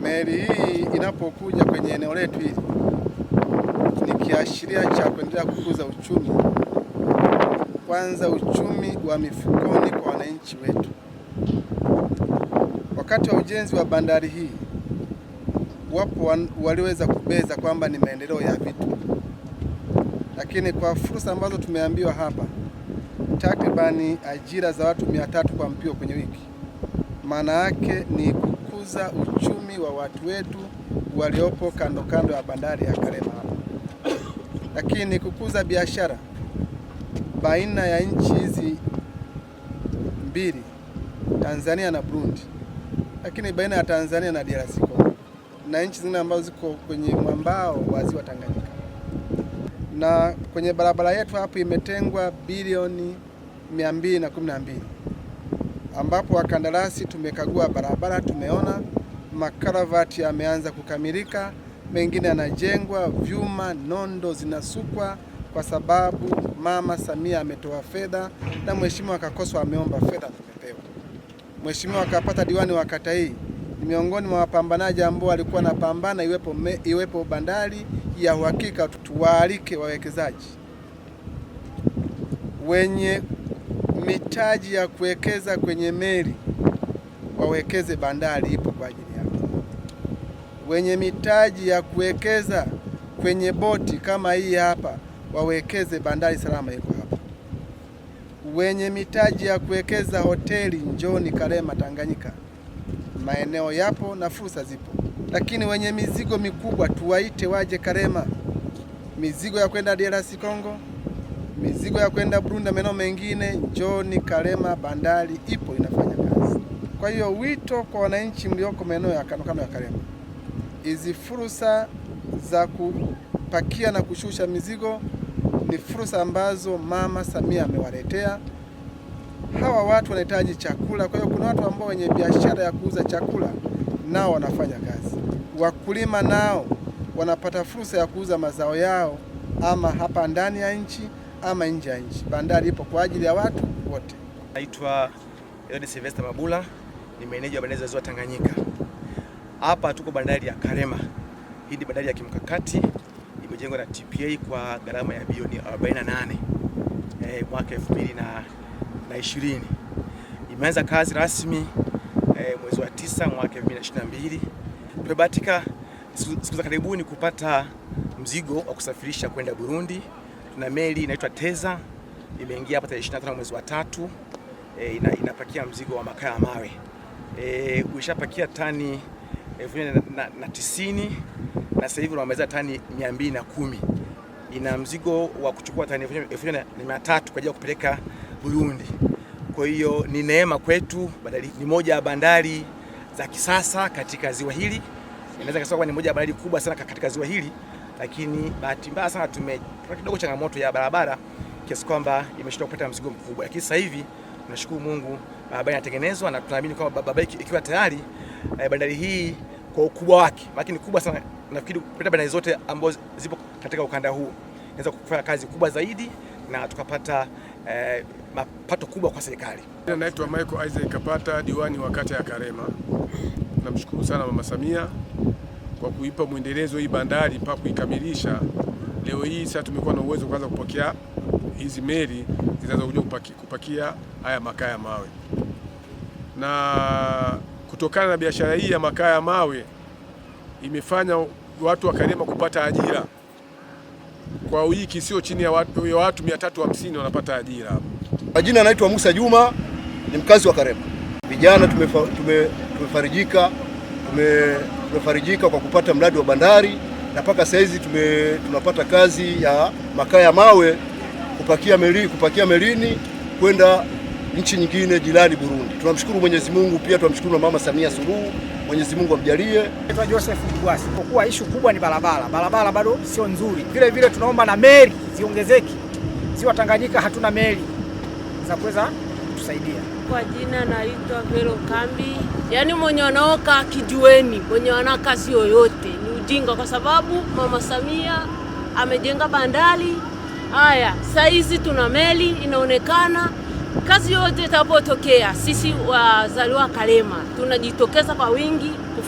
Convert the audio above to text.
meli hii inapokuja kwenye eneo letu hili ni kiashiria cha kuendelea kukuza uchumi, kwanza uchumi wa mifukoni kwa wananchi wetu. Wakati wa ujenzi wa bandari hii, wapo waliweza kubeza kwamba ni maendeleo ya vitu, lakini kwa fursa ambazo tumeambiwa hapa, takribani ajira za watu mia tatu kwa mpio kwenye wiki, maana yake ni kukuza uchumi wa watu wetu waliopo kando kando ya bandari ya Karema, lakini kukuza biashara baina ya nchi hizi mbili, Tanzania na Burundi, lakini baina ya Tanzania na DRC Congo na nchi zingine ambazo ziko kwenye mwambao wa ziwa Tanganyika. Na kwenye barabara yetu hapo imetengwa bilioni 212 ambapo wakandarasi tumekagua barabara, tumeona makaravati yameanza kukamilika, mengine yanajengwa, vyuma, nondo zinasukwa kwa sababu Mama Samia ametoa fedha na Mheshimiwa akakoswa ameomba fedha, tumepewa. Mheshimiwa akapata diwani wa kata hii ni miongoni mwa wapambanaji ambao walikuwa napambana iwepo, me, iwepo bandari ya uhakika. Tuwaalike wawekezaji wenye mitaji ya kuwekeza kwenye meli wawekeze, bandari ipo kwa ajili yako Wenye mitaji ya kuwekeza kwenye boti kama hii hapa wawekeze, bandari salama iko hapa. Wenye mitaji ya kuwekeza hoteli, njoni Karema Tanganyika, maeneo yapo na fursa zipo. Lakini wenye mizigo mikubwa tuwaite waje Karema, mizigo ya kwenda DRC Congo Mizigo ya kwenda Burundi maeneo mengine, John Karema bandari ipo inafanya kazi. Kwa hiyo wito kwa wananchi mlioko maeneo ya kando kando ya Karema, hizi fursa za kupakia na kushusha mizigo ni fursa ambazo Mama Samia amewaletea hawa watu. Wanahitaji chakula, kwa hiyo kuna watu ambao wenye biashara ya kuuza chakula nao wanafanya kazi, wakulima nao wanapata fursa ya kuuza mazao yao ama hapa ndani ya nchi ama nje ya nchi. Bandari ipo kwa ajili ya watu wote. Naitwa Edward Sylvester Mabula, ni meneja wa bandari za Ziwa Tanganyika. Hapa tuko bandari ya Karema. Hii ni bandari ya kimkakati imejengwa na TPA kwa gharama ya bilioni 48 eh, mwaka 2020. Imeanza kazi rasmi eh, mwezi wa tisa mwaka 2022. Tumebahatika siku za karibuni kupata mzigo wa kusafirisha kwenda Burundi na meli inaitwa Teza imeingia hapa tarehe 25 mwezi wa tatu. E, ina, inapakia mzigo wa makaa ya mawe e, uishapakia tani elfu na, na tisini na sasa hivi unamaliza tani 210. Ina mzigo wa kuchukua tani elfu na mia tatu kwa ajili ya kupeleka Burundi. Kwa hiyo ni neema kwetu, bandari ni moja ya bandari za kisasa katika ziwa hili, inaweza kusema ni moja ya bandari kubwa sana katika ziwa hili lakini bahati mbaya sana tumepata kidogo changamoto ya barabara kiasi kwamba imeshindwa kupata mzigo mkubwa, lakini sasa hivi nashukuru Mungu barabara inatengenezwa na tunaamini kwamba barabara ikiwa tayari eh, bandari hii kwa ukubwa wake, lakini kubwa sana, nafikiri kupita bandari zote ambazo zipo katika ukanda huu inaweza kufanya kazi kubwa zaidi na tukapata eh, mapato kubwa kwa serikali. Naitwa Michael Isaac Kapata, diwani wa kata ya Karema. Namshukuru sana Mama Samia kwa kuipa mwendelezo hii bandari mpaka kuikamilisha. Leo hii sasa tumekuwa na uwezo kwanza kupokea hizi meli zinazokuja kupakia, kupakia haya makaa ya mawe, na kutokana na biashara hii ya makaa ya mawe imefanya watu wa Karema kupata ajira kwa wiki sio chini ya watu, ya watu 350 wa wanapata ajira. Majina anaitwa Musa Juma, ni mkazi wa Karema. Vijana tumefa, tume, tumefarijika tumefarijika kwa kupata mradi wa bandari na mpaka hizi tume, tunapata kazi ya makaa ya mawe kupakia, meli, kupakia melini kwenda nchi nyingine jirani Burundi. Tunamshukuru Mwenyezi Mungu, pia tunamshukuru na Mama Samia Suluhu, Mwenyezi Mungu amjalie. Naitwa Joseph Mgwasi. Kwa kuwa ishu kubwa ni barabara, barabara bado sio nzuri, vile vile tunaomba na meli ziongezeke, ziwa Tanganyika hatuna meli za kuweza kutusaidia. Kwa jina naitwa Vero Kambi. Yaani mwenye wanaoka kijueni, mwenye wana kazi yoyote ni ujinga, kwa sababu Mama Samia amejenga bandari. Haya, saa hizi tuna meli inaonekana kazi yote itapotokea, sisi wazaliwa Kalema tunajitokeza kwa wingi